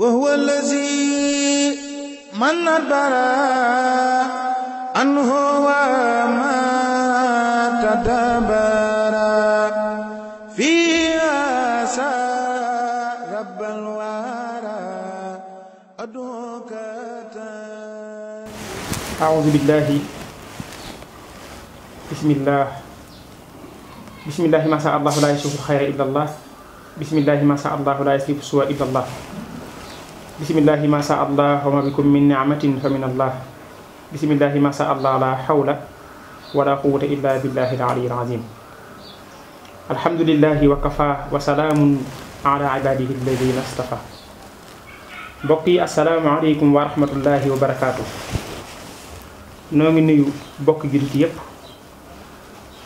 وهو الذي من أدبر أنه وما تدبر في عسى رب الورى أدعوك أعوذ بالله بسم الله بسم الله ما شاء الله لا يشوف الخير إلا الله بسم الله ما شاء الله لا يصيب السوء إلا الله bisimillahi ma saa allah wa ma bikum min ni'matin fa min allah bisimillahi ma saa allah la hawla wala quwwata illa billahi al-aliyyil azim alhamdulillahi wa kafa wa salaamun yi asalaamualeykum wa rahmatullahi wa barakaatu noo ngi nuyu bokk jullit yépp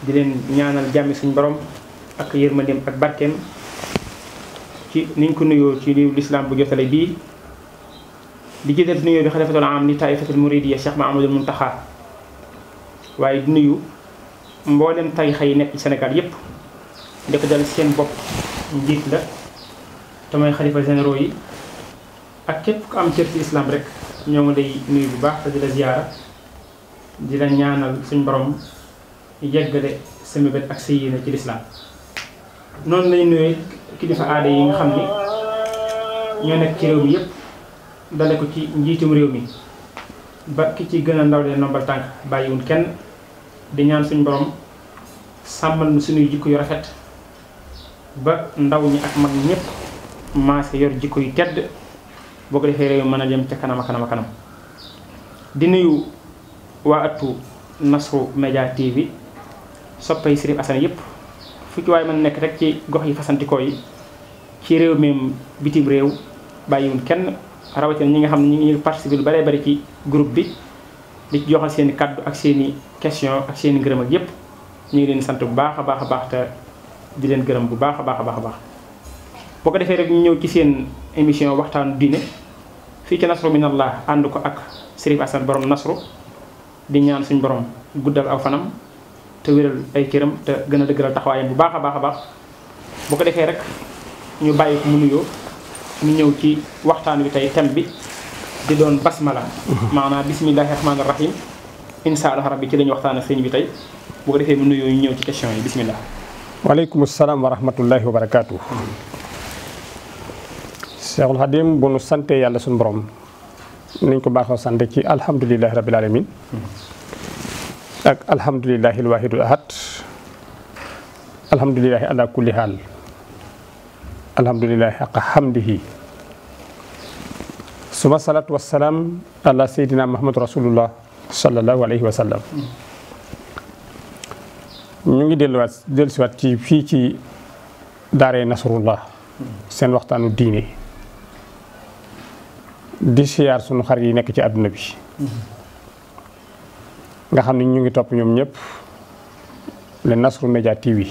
di leen ñaanal jàmmi suñ borom ak yërmandeem ak barkeem ci niñ ko nuyoo ci niw lislaam bu jotale bii di jiital nuyoo bi xalifatul am li taifatul muridiya Cheikh Mahamadul Muntaxa waaye di nuyu mboolem tarixa yi nekk ci Sénégal yépp di ko dal seen bopp njiit la te mooy xalifa généraux yi ak képp ku am ci islam rek ñoo ngi lay nuyu bu baax di la ziyaara di la ñaanal suñ borom yeggale sa mébét ak sa yéene ci lislaam noonu lañu nuyoo kilifa aada yi nga xam ñoo nekk ci réew yépp dale ko ci njiitum réew mi ba ki ci gën a ndaw leen nombal tànk bàyyiwul kenn di ñaan suñ borom sàmmal nu suñuy jikko yu rafet ba ndaw ñi ak mag ñëpp maase yor jikko yu tedd boo ko defee réew mën a dem ca kanam a kanam a kanam di nuyu waa ëttu Nasrou Média TV soppay Sëriñ Assane yëpp fu ci waaye mën nekk rek ci gox yi fasantikoo yi ci réew meem bitim réew bàyyiwul kenn rawatina ñi nga xamni ñi ngi participer bari bari ci groupe bi di joxal seen cadeau ak seen question ak seen i ak yépp ñi ngi leen sant bu baaxa baaxa baax ta di leen gërëm bu baaxa baaxa baax baax bu ko defee rek ñu ñëw ci seen émission waxtaan diine fii ci nasru min allah ànd ko ak sërif asan borom nasru di ñaan suñ borom guddal aw fanam te wéral ay kërëm te gën a dëgëral taxawaayam bu baaxa baaxa baax baax bu ko defee rek ñu bàyyi ko mu nuyoo ñu ñëw ci waxtaan wi tey thème bi di doon basmala maanaam bismillahi rahmaani rahim incha allah rabbi ci lañuy waxtaan ak sëñ bi tey bu ko defee mu nuyoo ñu ñëw ci question yi bismillah waaleykum salaam wa rahmatullahi wa barakaatu. bu nu sante yàlla suñu borom niñ ko baaxoo sant ci alhamdulilahi rabil alamin ak alhamdulilahi alwahidul ahad alhamdulilahi ala kulli haal alhamdulillah haqa hamdihi suma salatu wassalam ala sayidina muhammad rasulullah sallallahu alaihi wasallam. ñu ngi wat del ci wat ci daaree nasrullah sen waxtanu diine di siyaar sunu xar yi nek ci aduna bi nga xamni ñu ngi top ñom ñep le nasru media tv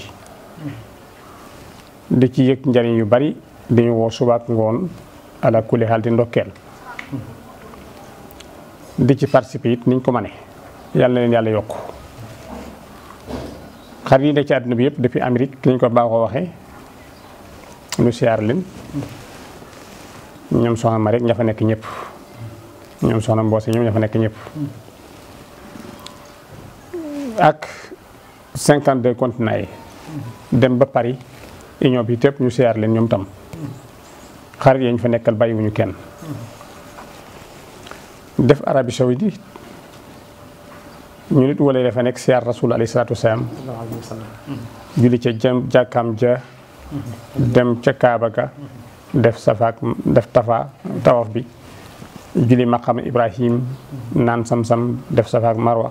di ci yëg njariñ yu bari dañu woo subaak ngoon ala kulli xaal di ndokkeel di ci participer it niñ ko mane yàlla na leen yàlla yokk xar yi ne ci àdduna bi yëpp depuis Amérique liñ ko baaxoo waxe ñu siyaar leen ñoom soxna ma rek ña fa nekk ñëpp ñoom soxna mboose ñoom ña fa nekk ñëpp ak 52 continents yi dem ba Paris union bi tépp ñu siyaar leen ñoom tam xarit yañ fa nekkal bàyyiwuñu kenn def arabi saudi ñu nit wala dafa nekk siyaar rasul alayhi salaatu wasalaam julli ca jëm jàkkaam ja dem ca kaaba ga def safaak def tafa tawaf bi julli maqam ibrahim naan sam-sam def safaak marwa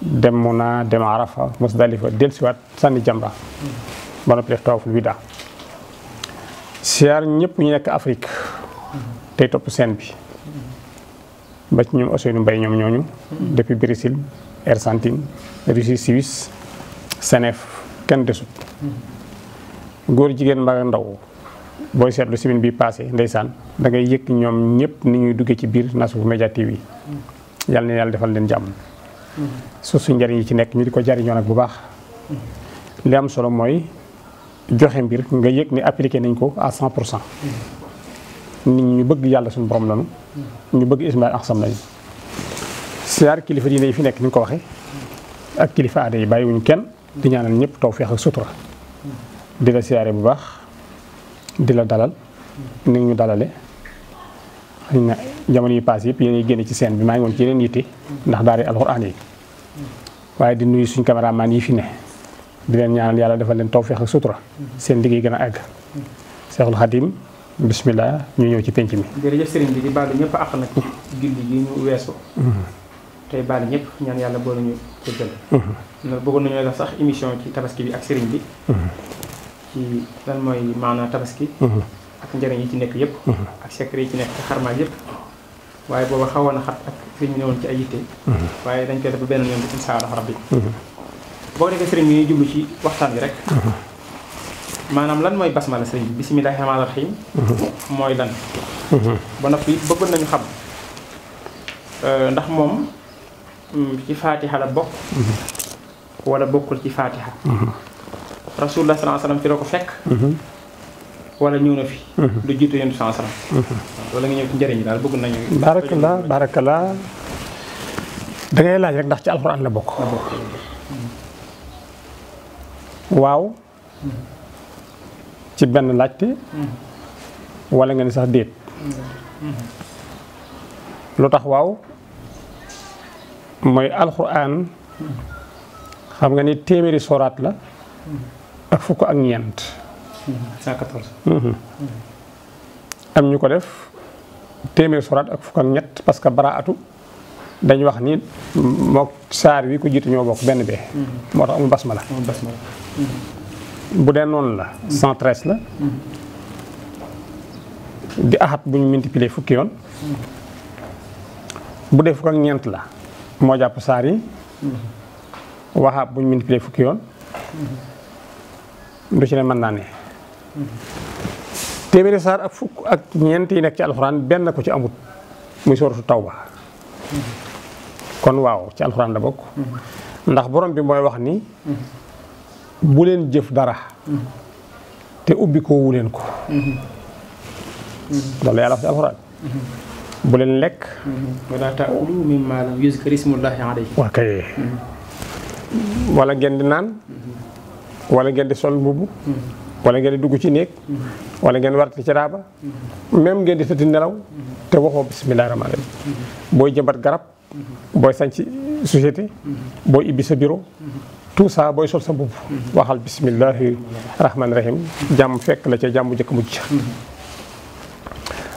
dem Muna dem Arafa Musdalifa dellusiwaat sànni jamra ba noppi def tawaful wida siyaar ñëpp ñu nekk Afrique tey top sen bi ba ci ñoom Ousseynou mbay ñom ñoñu depuis Brésil Argentine Russie Suisse Senef ken desu goor jigen mbaga ndaw boy setlu semaine bi passé ndeysaan da ngay yek ñom ñepp ni ñuy duggé ci biir nasu Média TV yàlla ni yàlla defal leen jàmm su su ndariñ ci nek ñu diko ko nak bu baax li am solo moy joxe mbir nga yég ni appliqué nañ ko à 100 cent nit ñu bëgg yàlla suñ borom lañu ñu bëgg ismail axsam lañu siyaar kilifa diine yi fi nekk ni nga ko waxee ak kilifa aada yi bàyyiwuñu kenn di ñaanal ñëpp tawfeex ak sutura di la siyaare bu baax di la dalal ni ñu dalale xëy na jamono yi paas yëpp yéen génne ci seen bi maa ngi woon ci yeneen yitte ndax daari alxuraan yi waaye di nuyu suñ caméraman yi fi ne di len ñaan yalla defal len tawfiq ak sutura seen liggéey gëna ag cheikhul khadim bismillah ñu ñew ci penc mi jërëjëf sëriñ bi di baalu ñëpp ak nak gindi yi ñu weesu mhm. tay baalu ñëpp ñaan yalla bo ñu jël mhm. na bëggu ñu def sax émission ci tabaski bi ak sëriñ bi mhm. ci lan moy maana tabaski ak njëriñ yi ci nekk yëpp ak secret yi ci nekk xarma yëpp waye bo xawoon a xat ak fiñu ñewon ci ay yitte waaye dañ koy def benn yoon bi insha allah rabbi boo defee sëriñ bi ñuy jublu ci waxtan bi rek manam mhm. lan moy basmala sëriñ bismillahirrahmanirrahim mhm. moy lan mhm. ba nopi bëggoon nañu xam euh ndax mom mm, ci fatiha la bok wala bokul ci fatiha rasulullah sallallahu alaihi wasallam fi roko ko fekk wala ñu na fi du jitu yeen sallallahu alayhi wasallam wala nga ñew ci jëriñ dal bëgg nañu barakallah barakallah da ngay laaj rek ndax ci alxuraan la bok waaw ci benn laajte walla nga ni sax déet lu tax waaw mooy alxuraan xam nga ni téeméeri sooraat la ak fukk ak ñeent mhm. am ñu ko def téeméeri sooraat ak fukk ak ñett parce que baraatu dañ wax ni mok sar wi ko jiitu ñoo bok benn be mm-hmm. moo tax amul basmala mm-hmm. bu dee non la 113 mm-hmm. la di ahad bu ñu multiplier fukki yon bu dee fukk ak ñeent la mo japp sar yi wahab bu ñu multiplier fukki yon du ci ne man na ne téeméeri sar ak fuk ak ñent yi nek ci alcorane benn ko ci amut muy soratu tawba kon waaw ci alcorane la bok ndax borom bi moy wax ni bu len jëf dara te ubbi ko wu len ko loolu la yalla ci alxuraan bu len lek wala taakulu mimma lam yuzkar ismullahi alayhi wa kay wala ngeen di naan wala ngeen di sol mbubb wala ngeen di dugg ci néeg wala ngeen warti ci raba même ngeen di nelaw te waxo bismillah rahmaan rahim jëmbat garab booy sanc société booy ibbi sa bureau tout saa booy sol sa mbubb waxal bismillahi rahmaani rahim jàmm fekk la ca jàmm jëkk mujj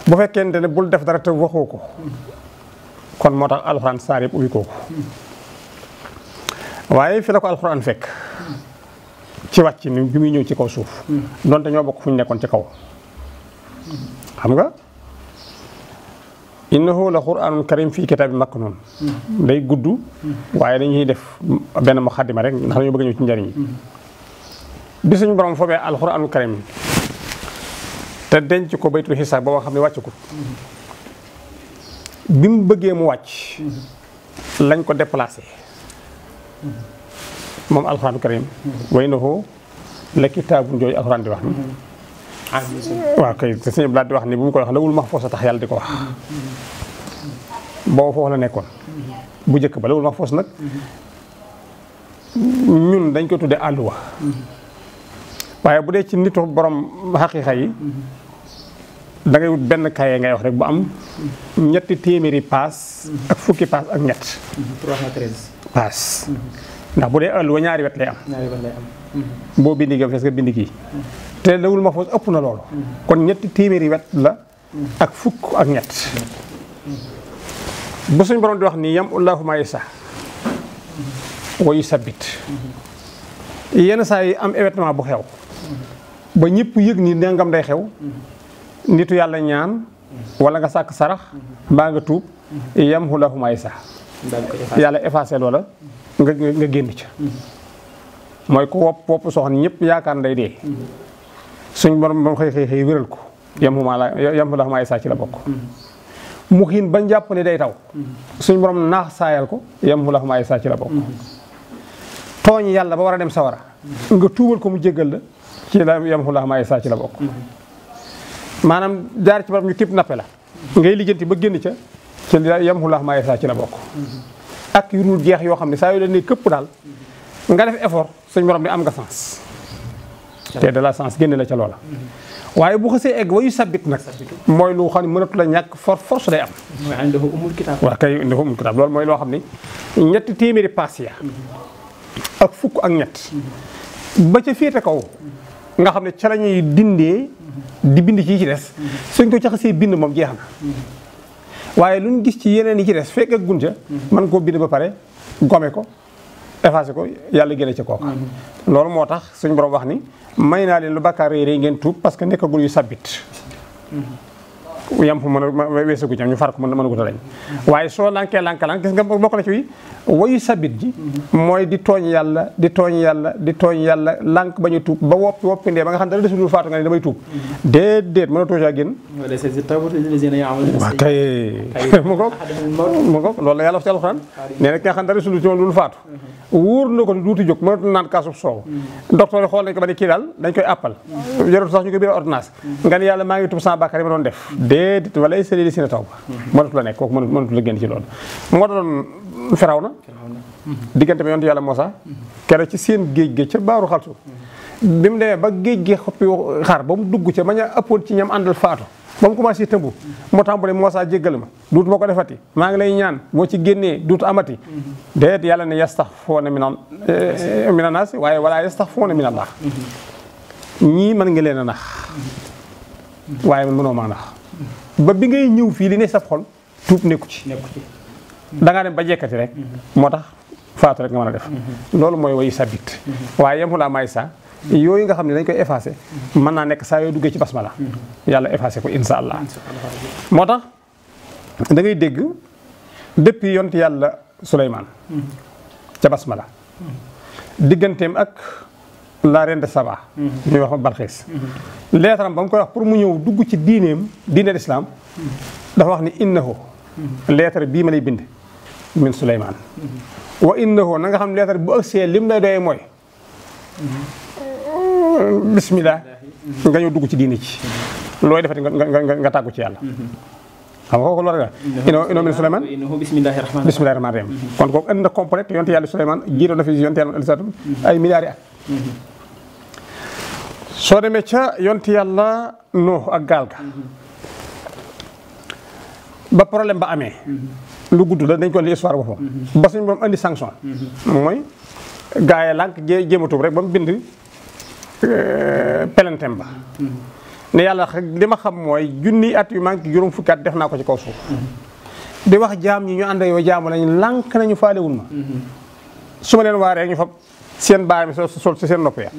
bu fekkente ne bul def dara te waxoo ko kon moo tax alxuraan saar yëpp ubbi ko waaye fi la ko alxuraan fekk ci wàcc mi bi muy ñëw ci kaw suuf mm. donte ñoo bokk fuñ ñu nekkoon ci kaw xam nga innahu la quraanun karim fii kitaabin maknuun day gudd waaye dañuy def benn muxaddima rek ndax dañoo bëgg ñëw ci njëriñ bi suñu borom foobee alquraanul karim te denc ko baytul xisaab boo xam ne wàcc ko bi mu bëggee mu wàcc lañ ko déplacé moom alquraanul karim wa innahu la kitaabun jooju alquraan di wax waaw kay te wax ni bu mu ko wax lawul mahfuus a tax yàlla di wax boobu foofu la nekkoon bu njëkk ba lawul mahfuus nag ñun dañ ko tudde alwa waye bu dee ci nitu borom haqiqa yi da ngay wut ben kaye ngay wax rek bu am ñetti téeméeri pass ak fukki pass ak ñett 313 pass ndax bu alwa ñaari wet lay am bo bindi fess nga bindi ki te lawul mahfuus ëpp na loolu kon ñetti téeméeri wet la ak fukk ak ñett bu suñ borom di wax nii yam ullahu ma yasa wa yusabbit yenn saa yi am événement bu xew ba ñëpp yëg ni nangam day xew nitu yàlla ñaan wala nga sàkk sarax mbaa nga tuub yam ullahu ma yasa yàlla effacé loola nga nga génn ca mooy ko wopp wopp soxna ñëpp yaakaar nday dee suñ borom ba mu xëy xëy xëy wéral ko yamuma la yamulax ma ay saa ci la bokk mu xiin bañ jàpp day taw suñ borom naax saayal ko yamulax ma ay saa ci la bokk tooñ yàlla ba war a dem sawara nga tuubal ko mu jéggal ci la yamulax ma ay saa ci la bokk maanaam jaar ci barab ñu tibb nappe la ngay lijjanti ba génn ca ci yamulax ma ay saa ci la bokk ak yu jeex yoo xam ne saa yu leen ne këpp daal nga def effort suñ borom ne am nga sens te de la sens génne la ca loola. waaye bu xasee egg wayu sabit nag mooy lu xam ne mënatu la ñàkk for force day am. mooy ànd fa umul kay dafa umul kitaab loolu mooy loo xam ni ñetti téeméeri paas ya ak fukk ak ñett. ba ca féete kaw. nga xam ne ca la ñuy dindee. di bind ci ci des. suñ ko ca xasee bind moom jeex na. waaye lu gis ci yeneen yi ci des fekk ak gunja. mën koo bind ba pare gome ko. effacé ko yàlla génne ci kooka mm-hmm. loolu moo tax suñu borom wax ni may naa leen lu bàkkaar réeré ngeen tuub parce que nekkagul yu sabbit mm-hmm. yam fu mën wessu weesagu ci ñu far ko mën ko ta waye so soo lankee lank lank gis nga bokk na ci wayu sabit ji moy di togn yalla di togn yalla di togn yalla lank bañu tup ba wop wop ndé ba nga xam dara desul faatu nga ne damay tuub déedéet mën a toojaa génn kay mo ko mo ko loolu la yalla wax ci alxuraan né nak nga xam dara lu ci lu faatu mm-hmm. wuur na ko duuti jóg mënatu naan kaasub soow mm-hmm. docteur yi xool nañ ko ba ne kii daal dañ koy appal yoratu mm-hmm. sax ñu ko biir ordonnance nga ni yalla ma ngi tup sa bakari ma don def déedéet wala ay sëriñ si na taw ba mënatu la nekk kooku mënatu la génn ci loolu moo doon feraw na diggante bi yontu yàlla Moussa kere ci seen géej gi ca baaru xalsu bi mu demee ba géej gi xoppi xar ba mu dugg ca ma ña ëppoon ci ñam àndal faatu ba mu commencé tëmbu mu tàmbali Moussa jéggal ma duut moo ko defati maa ngi lay ñaan boo ci génnee duut amati déet yàlla ne yastaxfoona mina eh, mina naas waaye wala yastaxfoona mina Allah mm-hmm. ñii mën nga leen a nax mm-hmm. waaye man mënoo maa nax ba bi ngay ñëw fii li ne saf xol tuub nekku ci da ngaa dem ba jekkati rek mm-hmm. moo tax faatu rek nga mën a def mm-hmm. loolu mooy wayu sabit mm-hmm. waaye yem laa may sa yooyu nga xam ne dañ koy effacé mën naa nekk saa yoo duggee ci basmala yàlla effacé ko insha allah moo tax da ngay dégg depuis yont yàlla Suleymaan ca basmala digganteem ak la reine de sabaa ñuy wax Balxiis. leetaram ba mu koy wax pour mu ñëw dugg ci diineem diine lislaam dafa wax ni innahu leetar bii ma lay bind min Suleymaan wa innahu na nanga xam leetar bu agsee lim lay doyee mooy bismillah nga ñëw dugg ci diine ci looy defati nga nga ci yàlla xam nga kooku loolu la ino ino min Suleymaan bismillahi rahmaani rahim kon kooku indi na complet yonte yàlla Suleymaan jiiroo na fi yonte yàlla ay milliards at soo demee ca yonti yàlla Nuux ak gaal ga ba problème ba amee lu gudd la dañ ko li histoire boppam ba suñ moom andi sanction mooy gaa yi lànk rek ba mu bind euh, pelentem ba ne yàlla li ma xam mooy junni at yu manque juróom fukki at def naa ko ci kaw suuf di wax jaam ñi ñu ànd ak yow jaamu lañ lànk nañu faalewul ma su ma leen waaree ñu fab seen baaraam mi sol si seen nopp ya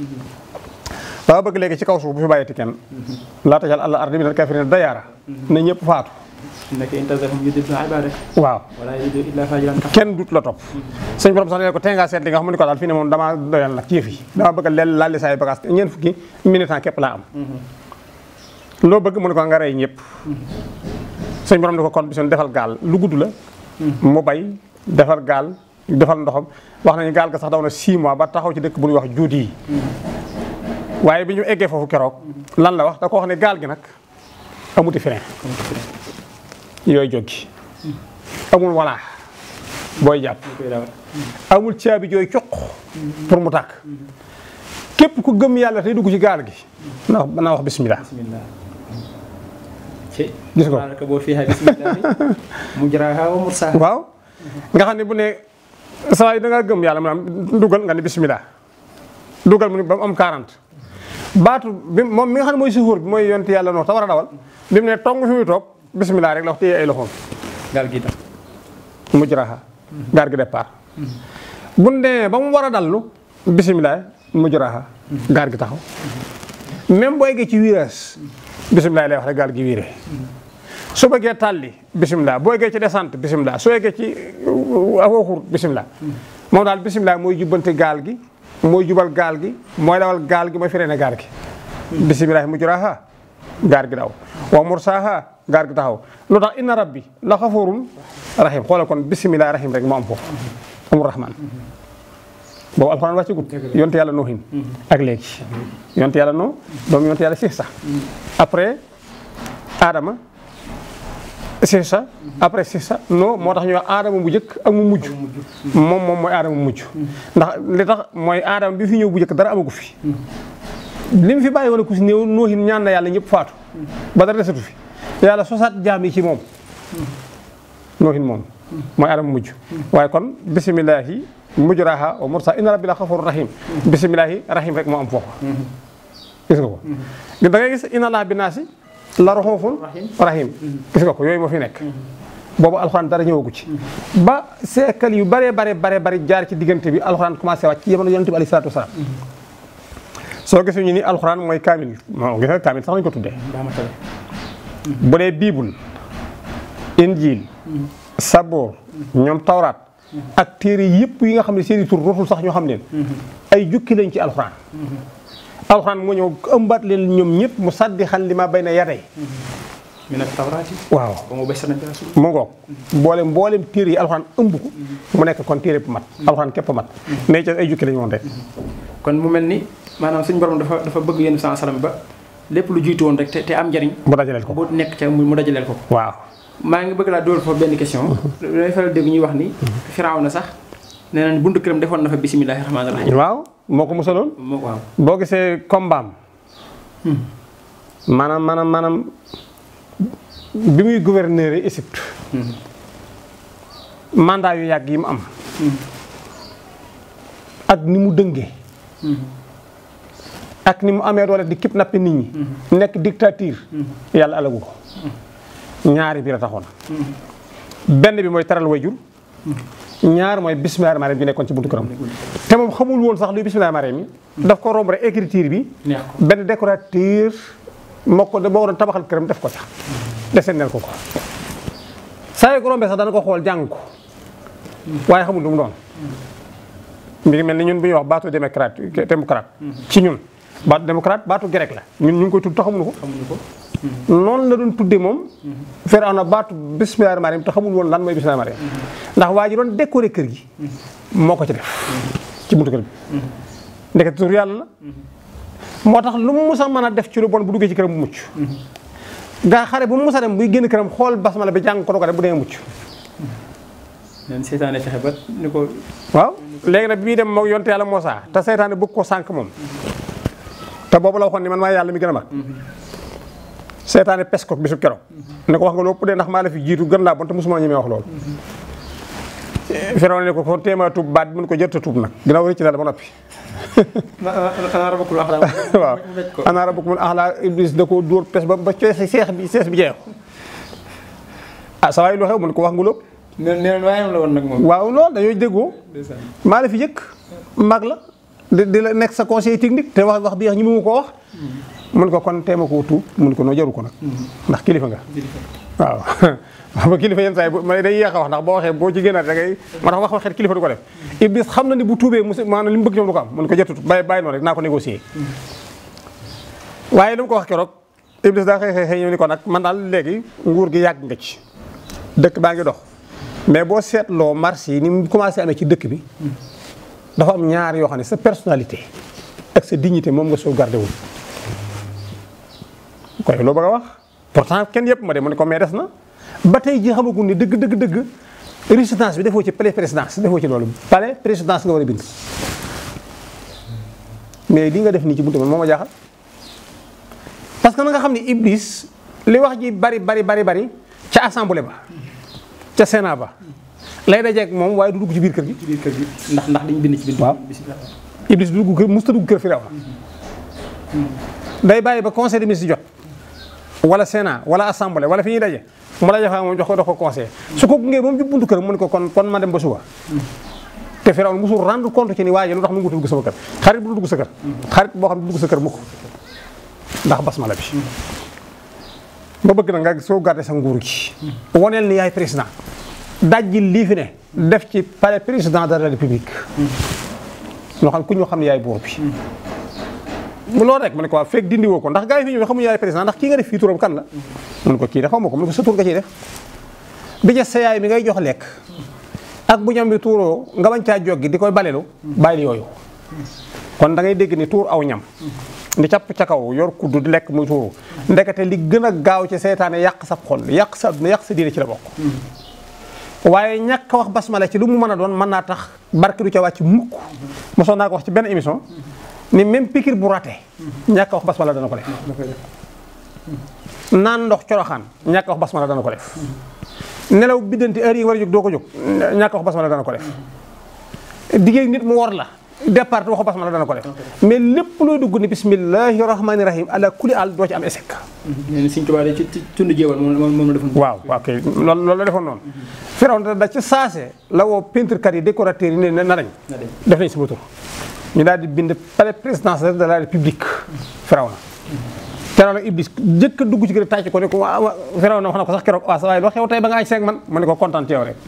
dafa bëgg légui ci kaw suuf bu fi bayati kenn la tajal alla ardi min al kafirin dayara mhm. ne ñepp faatu nek intazafum waaw wala illa fajran ka kenn dut la top mhm. sëñ borom sax ne ko tey ngaa seet li nga xam ne ko dal fi ne mom dama doyal nag ci yëf dama bëgg leel laal li bagas ñen fukki militant kep la am mhm. lo bëgg mu ne ko nga ray ñepp sëñ borom ne ko kon bi bisoon defal gal lu gudd la mu bay defal gal defal ndoxam wax nañu gal ga sax dawna 6 mois ba taxaw ci dekk bu ñu wax juuti waaye bi ñu eggee foofu keroog lan la wax da ko wax ne gaal gi nag amuti frein yooyu jógi amul walaa booy jàpp amul caabi jooy cuq pour mu takk képp ku gëm yàlla tey dugg ci gaal gi na wax bismillah gis ko waaw nga xam ne bu ne saa yi gëm yàlla maanaam dugal nga ne bismillah dugal mu ne ba mu am 40 baatu bi moom mi nga xam ne mooy suufóor bi mooy yonti yàlla noo ta a dawal bi mu ne tong fi muy toog bisimilah rek la wax téye ay loxoom gaal gi def mu ba mu war a dallu bisimilah mu jaraxa gaal gi taxaw même boo gi ci virage bisimilah lay wax rek gaal gi wiire su bëggee tàlli bisimilah boo gee ci descente bisimilah soo gee ci uh, uh, uh, awooxur bisimilah moom daal bisimilah mooy jubbante gaal gi mooy jubal gaal gi mooy dawal gaal gi mooy freiné gaal gi bisimilahi mujraha gaal gi daw wa mursaha gaal gi taxaw lu tax inna rabbi la xafurun rahim xoolal kon bisimilahi rahim rek moo am foofu amul rahman boobu alxuraan wàcc gut yonte yàlla noohin ak léegi yonte yàlla noo doomu yonte yàlla siix sax après Adama c'est ça après c'est ça non moo tax ñu wax aadama bu njëkk ak mu mujj moom moom mooy aadama mu mujj ndax li tax mooy aadama bi fi ñëw bu njëkk dara amagu fi li mu fi bàyyi woon ku si néew noohin ñaan na yàlla ñëpp faatu ba dara desatu fi yàlla sosaat jaam yi ci moom noohin moom mooy aadama mujj waaye kon bisimilahi mujraha wa mursa inna rabbi la xafuru rahim bisimilahi rahim rek moo am foofu gis nga ko da ngay gis inna allah bi la raxoofun rahim gis ko yooyu moo fi nekk boobu alxuraan dara ñëwagu ci ba seekal yu bare bare bare bari jaar ci diggante bi alxuraan commencé wàcc ci jamono yonent bi alayhi salaatu wasalaam soo gisee ñu ni alxuraan mooy kaamil moo gis sax lañ ko tuddee bu dee biibul injiil saboor ñoom tawraat ak téere yëpp yi nga xam ne seen i tur rootul sax ñoo xam leen mm-hmm. ay jukki lañ ci alxuraan mm-hmm. alxuraan mu ñëw ëmbaat leen ñoom ñëpp mu sàddi xan li ma bay na yatey mi nag tawraati waaw mu ngoog mboolem mboolem téere yi alxuraan ëmb ko mm-hmm. mu nekk kon téere bu mat mm-hmm. alxuraan képp mat mais mm-hmm. ca ay jukki lañu woon rek mu mel ni maanaam suñu borom dafa dafa bëgg yéen san salam ba lépp lu jiitu woon rek te am njariñ mu dajaleel ko bu nekk ca mu dajaleel ko waaw maa ngi bëgg laa dool foofu benn question dafay faral dégg ñuy wax ni firaaw na sax nee buntu kërëm defon na fa bisimilah rahmaani rahiim. waaw moo ko musaloon. waaw boo gisee kombaam. manam hmm. bi muy gouverneur Égypte. Hmm. mandat yu yag yi mu am. ak ni mu hmm ak ni mu hmm. amé dole di kidnapper nit ñi. nek dictature. yalla alagu ko. ñaari bi la hmm benn bi moy taral wayjur ñaar mooy bismillah marim bi nekkoon ci buntu këram te moom xamul woon sax luy bismillah marim mi daf ko romb rek écriture bi benn décorateur moo ko boo doon tabaxal këram def ko sax desenneel ko ko saa yu ko rombee sax dana ko xool jàng ko waaye xamul lu doon mi ngi mel ni ñun bu ñuy wax baatu démocrate démocrate ci ñun baatu démocrate baatu grec la ñun ñu ngi koy tudd te xamuñu ko. ko. Mm-hmm. noonu la doon tuddee moom. Mm-hmm. na baatu bismillaahi rahmaani rahiim te xamul woon lan mooy bismillaahi rahmaani mm-hmm. ndax waa ji doon décorer kër gi. moo ko ci def. ci buntu kër bi. ndeket tur yàlla la. moo tax lu mu musa mën a def ci lu bon bu duggee ci këram mu mucc. gaa xare bu mu musa dem buy génn këram xool basmala bi jàng ko doog a dem bu dee mucc. neen seytaane fexe ba ni ko. waaw léegi nag bi dem moog yonte yàlla moo Moussa te seytaane bëgg ko sànq moom. te boobu la waxoon ni man maa yàlla mi gën a mag seetaane pes ko bisu keroog ne ko wax nga lépp maa la fi jiitu gën laa bon te mosuma ñemee wax loolu ko kon téema tuub baat bi ko jërta tuub nag ginnaaw rëcc na noppi ana rabakul axla waaw ana rabakul axla iblis da koo dóor bi seex bi jeex ah, ko wax nga lépp neen waaye moom waaw loolu dañooy déggoo maa la fi yëkk mag la di la nekk sa conseil technique te wax wax bi yax ñi mu ko wax mun ko kon teema ko tuub mun ko noo jaru ko nag ndax kilifa nga waaw ba kilifa yenn ma day yéex a wax ndax boo waxee boo ci génnaat da ngay moo tax wax waxeet xam na ni bu tuubee mu maanaam li mu bëgg ñoom du ko am mun ko jotut bàyyi bàyyi noonu rek naa ko négocier waaye ko wax keroog Iblis daa xëy xëy xëy ñëw ni ko nag man daal léegi nguur gi yàgg nga ci dëkk baa ngi dox mais boo seetloo marché yi ni mu commencé amee ci dëkk bi dafa am ñaar yoo xam ne sa personnalité ak sa dignité moom nga sauvegarder wul koy loo bëgg a wax pourtant kenn yëpp ma de mu ne ko mais des na ba tey ji xamagum ne dëgg dëgg dëgg résidence bi defoo ci palais présidence defoo ci loolu palais présidence nga war a bind mais li nga def nii ci buntu man moo ma jaaxal parce que na nga xam ne Iblis li wax ji bari bari bari bari ca assemblée ba ca Sénat ba lay dajeeg moom waaye du dugg ci biir kër gi. ci biir kër gi ndax ndax dañu bind ci biir. waaw Iblis du dugg kër musta dugg kër Firawna mhm. Mhm. day baye ba conseil de ministre jot wala Sénat wala assemblée wala fiñu dajé daje mu daje faa moom jox ko dox ko conseil mhm. su ko ngey mom mu kër mu ne ko kon kon ma dem ba suba. te Firawna musu rendre compte ci ni waji lu tax mu ngi dugg sama kër xarit bu dugg sa kër. xarit bo xam ne du dugg sa kër mukk ndax basmala bi. ba bëgg na nga so gardé sa nguur gi. wonel ni yaay président. dajji lii fi ne def ci palais président de la république loo xam ku ñu xam ne yaay buur bi loolu ne ko waa fekk dindi woo ko ndax gars yi fi ñëw xamuñu yaay président ndax kii nga def fii turam kan la mun ko kii de xaw ma ko mun ko sa tur nga ciy def bi ca sa yaay mi ngay jox lekk ak bu ñam bi tuuroo nga bañ caa joggi di koy balelu bàyyil yooyu kon da dégg ni tuur aw ñam di capp ca kaw yor kuddu di lekk muy tuuru ndekete li gën a gaaw ci seytaane yàq sa xol yàq sa yàq sa diine ci la bokk waaye ñàkk a wax basmala ci lu mu mën a doon man naa tax barke du ca wàcc mukk mosoon naa ko wax ci benn émission ni même pikir bu rate ñàkk a wax basmala dana ko def naan ndox coroxaan ñàkk a wax basmala dana ko def nelaw biddanti heure yi war a jóg doo ko jóg ñàkk a wax basmala dana ko def digéey nit mu wor la départ waxu basmala dana ko def mais lépp looy dugg ni bismillahi rahmani rahim ala kulli al doo ci am échec nee na Sëriñ Tuubaa ci tund la defoon waaw waaw kay loolu loolu la defoon noonu Firawna ci saase la woo peintrekat yi décorateur yi ne na nañ def nañ sama tur ñu daal di bind palais présidentiel de la république Firawna Firawna Iblis jëkk a dugg ci gën a tàcc ko ne ko Firawna wax na ko sax keroog waaw sa waaye loo xew tey nga añ seeg man ma ne ko kontaan yow rek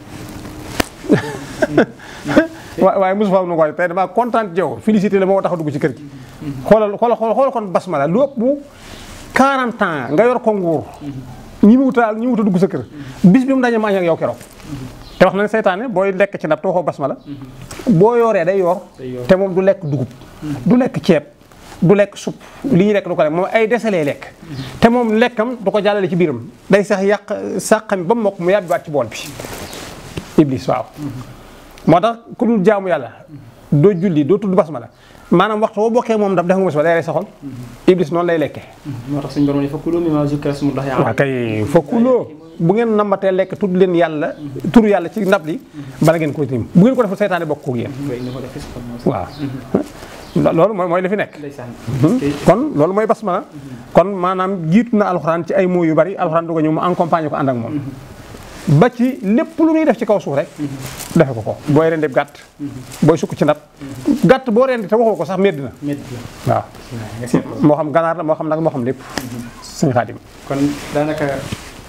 waaye mosu faaw nu ko tey damaa kontaan ci moo a dugg ci kër gi. xoolal xoolal xoolal kon basmala lu ëpp 40 ans nga yor ko nguur. Mm-hmm. ñi mu wutal ñi mu wutal dugg sa kër. bis bi mu daje ma añ mm-hmm. te wax na seytaane booy lekk ci ndab te waxoo basmala. Mm-hmm. boo yooree day yor. te moom du lekk dugub. du lekk ceeb. du lekk supp li ñu lekk du ko lekk moom ay dese lay lekk te moom lekkam du ko jàllale ci biiram day sax yàq sàqami ba mu mokk mu yàbbiwaat ci bool bi iblis waaw motax tax ku dul jaamu yalla do julli doo tudd basmala manam waxtu bo bokke mom daf def nga basmala day rey sa iblis non lay lekke motax tax suñu borom ni fa kulu mimma zikra smullahi waaw kay kulu bu ngeen namate lek tuddu len yalla turu yalla ci nabli bala ngeen ko tim bu ngeen ko defu seytaane bokku ngeen wa waaw moy mooy mooy li fi nekk hmm? kon loolu moy basmala kon manam jitu na alxuraan ci ay moy yu bari alxuraan du ko ñu mu accompagner ko and ak mom ba ci lépp lu ñuy def ci kaw suuf rek defe ko ko booy rendi gàtt booy sukk ci nat gàtt boo rendi te waxoo ko sax medd na waaw moo xam ganaar la moo xam ne nag moo xam lépp suñu xaadim kon daanaka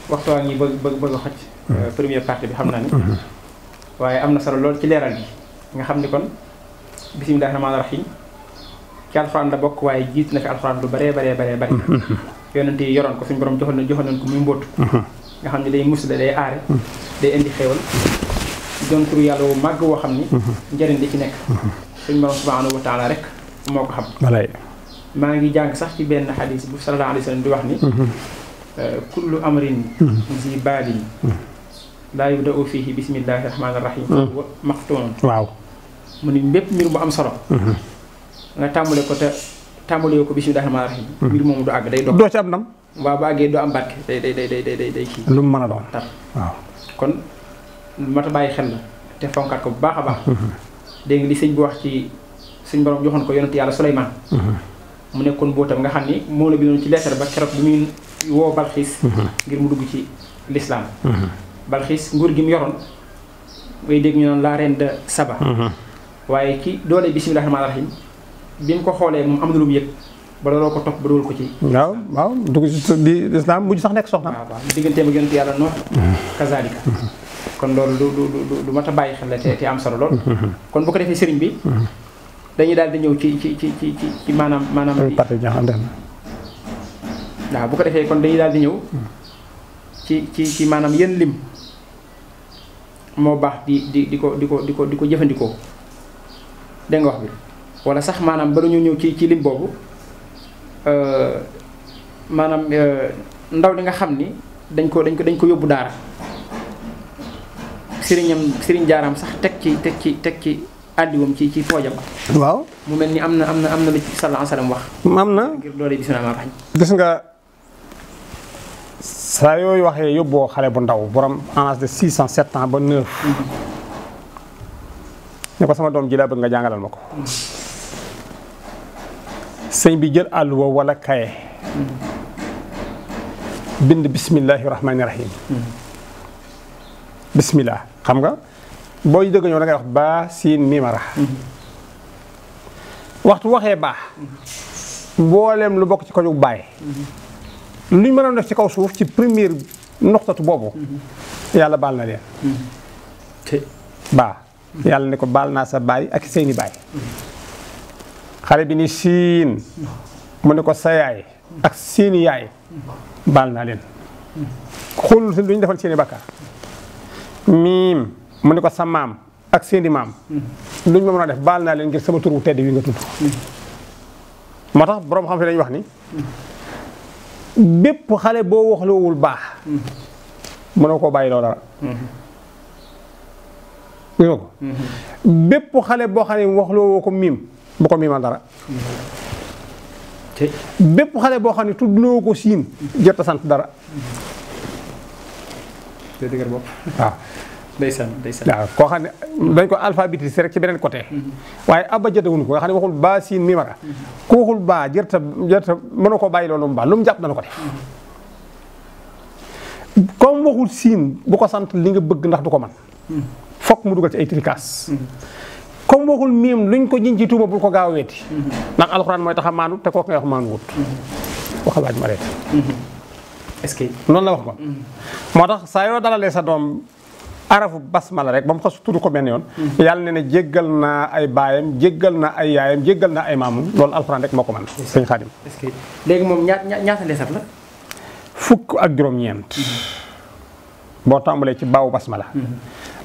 waxtuwaa ngi bëgg bëgg bëgg a xoj mm-hmm. première partie bi xam naa ni mm-hmm. waaye am na solo lool ci leeral bi nga xam ni kon bisimilah rahmaani rahim ci alxuraan la bokk waaye jiit na fi alxuraan lu bare bare bare bëri mm-hmm. yonent yi yoroon ko suñ borom joxoon na joxoon nañ ko muy mbóotu nga xam ne day musle day aare day indi xéewal doon tur yàlla wu màgg woo xam ni njëriñ li ci nekk suñ borom subhanahu wa rek moo ko xam maa ngi jàng sax ci benn xadis bu sallallahu alayhi di wax ni mhm. kullu amrin mhm. zi baalin mhm. laa yubda'u fiihi bismillahi rahmaani rahim maxtuun waaw mu ni mbépp mbir mu am solo nga tàmbale ko te tàmbale ko bismillahi rahmaani rahim mbir du àgg doo ci am ndam wa ba ge do am barke day day day day day day ki lu mu mën a waaw. kon lu mat a xel la te fonkat ko bu baax a baax. dégg nga li sëñ bi wax ci seigne borom joxon ko yonent yalla sulayman mu nekkoon botam nga xam ni la bindon ci lettre ba keroog bi muy wo balkhis ngir mu dugg ci l'islam balkhis nguur gi mu yoron way deg ñu non la reine de Saba. waye ki doole bismillahir rahmanir rahim bi ko xoolee mu am na lu mu ba dooloo ko topp ba dool ko ci. waaw waaw dugg ci di islam mujj sax nekk soxna. waaw waaw digganteem ak yonent yàlla Nuux. kazaalika. kon loolu du du du mat a bàyyi xel la te am solo lool. kon bu ko defee sëriñ bi. dañuy daal di ñëw ci ci ci ci ci maanaam maanaam. waaw bu ko defee kon dañuy daal di ñëw. ci ci ci maanaam yenn lim moo baax di di di ko di ko di ko di ko jëfandikoo dégg nga wax bi wala sax maanaam ba ñu ñëw ci ci lim boobu. Eh, manam eh, ndaw li nga xamni dañ ko dañ ko dañ ko yobbu dara serignam serign jaram sax tek ci tek ci tek ci wam ci ci foojam waw mu melni amna amna amna li ci sallallahu alaihi wasallam wax am na ngir doole bisimilah rañ gis nga saa yooyu waxe yobbo xale bu ndaw borom en âge de 607 ans ba 9 mm-hmm. ne ko sama dom ji la bëgg nga jangalal mako mm-hmm. sëñ bi jël àlluwa wala kaye bind bismillahi rahmaani rahim bismillah xam nga booy dëgg ñëw da ngay wax baa siin mimara waxtu waxee baax mbooleem lu bokk ci ko ñu bàyyi luñ mën a def ci kaw suuf ci première noxtatu boobu yàlla baal na leen baa yàlla ne ko baal naa sa baay ak seeni baay xale bi ni siin mu ne ko sa yaay ak seeni yaay baal naa leen xool lu ñu defal seeni bakka miim mu ne ko sa maam ak seeni maam lu ñu ma mën a def baal naa leen ngir sama tur wu tedd wi nga tudd moo tax borom xam fi dañuy wax ni bépp xale boo wax loowul baax mënoo koo bàyyi loo dara gis nga ko mm-hmm. bépp xale boo xam ne waxloo woo ko miim bu ko miimal dara. bépp xale boo xam ne tuddloo ko siin jot sant dara. te dëgër bopp waaw. ndeysaan ndeysaan waaw koo xam ne dañ ko alphabétisé rek ci beneen côté. Mm-hmm. waaye abba jotewuñu ko nga xam ne waxul baa siin mimara. Mm-hmm. ku waxul baa jërta mën mënu ko bàyyi loolu mu baa lu mu jàpp dana ko def. Mm-hmm. comme waxul siin bu ko sant li nga bëgg ndax du ko man fokk mu dugal ci ay tricas. comme waxul miim luñ ko jiñ ci tuuma bul ko gaaw weeti mm-hmm. ndax alxuraan mooy tax a te kooku ngay wax maandu wut mm-hmm. waxal laaj ma reet mm-hmm. ce noonu la wax ko moo tax saa yoo dalalee sa doom arafu la rek ba mu xas tudd ko benn yoon yàlla ne ne jéggal naa ay baayam jéggal na ay yaayam jéggal na ay maamum loolu alxuraan rek moo ko mën sëñ Xaadim léegi moom ñaata leesat la fukk ak juróom-ñeent boo tàmbalee ci baawu basmala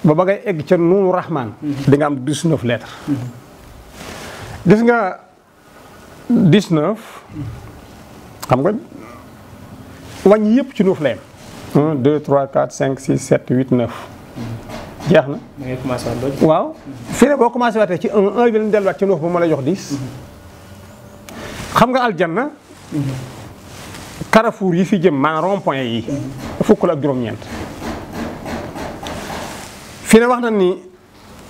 ba ba ngay egg ca nuunu rahmaan di nga am 19 lettres gis nga 19 xam nga wàññi yëpp ci nuuf la yem 1 2 3 4 5 6 7 jeex na waaw fii boo commencé waatee ci 1 1 bi delluwaat ci nuuf ba ma la jox 10 xam nga aljanna mhm. carrefour yi fi jëm maanaam rond point yi fukk la ak juróom-ñeent fii ne wax na ni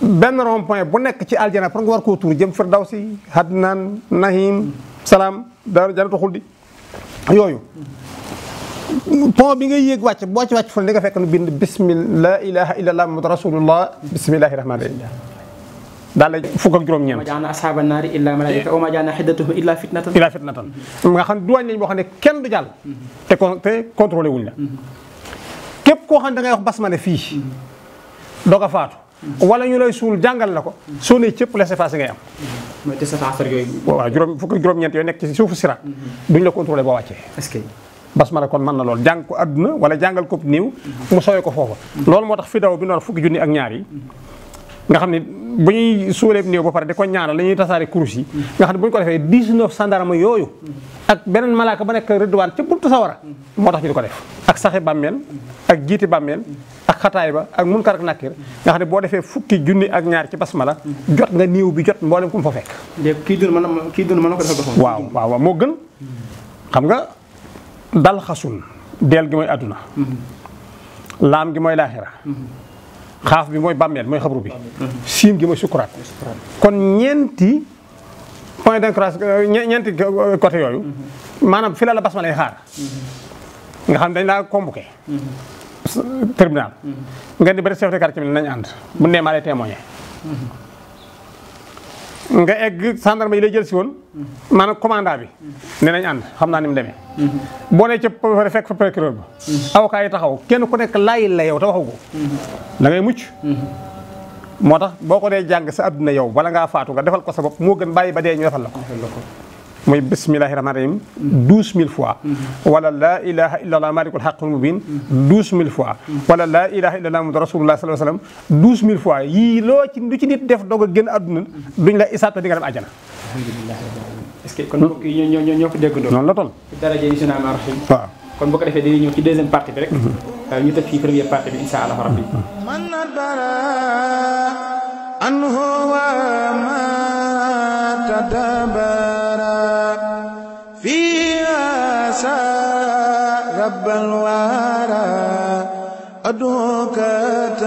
benn rond point bu nekk ci aljana pour nga war koo tuur jëm firdawsi hadnaan nahim salaam daaru jannatu xuldi yooyu pont bi nga yéeg wàcc boo ci wàcc fu ne di nga fekk nu bind bismillah la ilaha illallah muhammad rasulullah bismillahi rahmaani rahim daal la fukk ak juróom-ñeent. wa ma jaana ashaaba naari illa malaika wa ma jaana xiddatuhum illa fitnatan. illa fitnatan nga xam duwaañ lañ boo xam ne kenn du jàll. Mm-hmm. te con te contrôlé wuñ la. Mm-hmm. képp koo xam ne da ngay wax basmala fii. Mm-hmm. doog a faatu. wala ñu lay suul jàngal la ko. soo nee cëpp laissez-passer ngay am. waaw juróom fukki juróom-ñeent yooyu nekk ci suufu siraat. Mhm. duñ la contrôler boo wàccee. est-ce kon mën na lool jàng ko àdduna wala jàngal ko néew. mu sooyee ko foofa. Mhm. loolu moo tax fi daw bi noonu fukki junni ak ñaar yi mhm. nga xam ni bu ñuy suureeb néew ba pare di ko ñaanal la ñuy tasaare kurus yi nga xam ne bu ñu ko defee 19 sandarma yooyu ak beneen malaaka ba nekk rëdduwaan ca buntu sawara moo tax ñu di ko def ak saxi bàmmeel ak jiiti bàmmeel ak xataay ba ak munkar ak nakir nga xam ne boo defee fukki junni ak ñaar ci basmala jot nga néew bi jot mboolem ku mu fa fekk kii dund mën na kii dund mën na ko defal boppam waaw waaw moo gën xam nga dal xasun deel gi mooy adduna mm-hmm. laam gi mooy laaxira mm-hmm. xaaf bi mooy bàmmeel mooy xabru bi siim gi mooy sukuraat kon ñeenti point d'ancrage ñeenti côté yooyu maanaam fi la la basmalay xaar nga xam dañ laa convoqué tribunal nga di bari chef de quartier bi nañ ànd lay témoigné nga egg gendarme yi lay jël si woon maanaam commandant bi ne nañ ànd xam naa ni mu demee boo ne ca préfet fekk fa procureur ba avocat yi taxaw kenn ku nekk laayi la yow te waxu ko da ngay mucc moo tax boo ko dee jàng sa adduna yow bala ngaa faatu nga defal ko sa bopp moo gën bàyyi ba dee ñu defal la ko muy bismillahi rahmani rahim douze mille fois wala laa ilaha illallah malikul haqqul mubin douze mille fois wala laa ilaha illallah ci lu ci nit def doog a génn àdduna duñ la isaatoo di nga dem àjjana kon mbokk yi ñoo ñoo ñoo ko déggandoo noonu la toll daraja yi sunaam rahim waaw rek mm-hmm. euh, ñu tëj fii première partie bi insha allah rabbi man bara an huwa ma tadaba عسى رب الورى أدعوك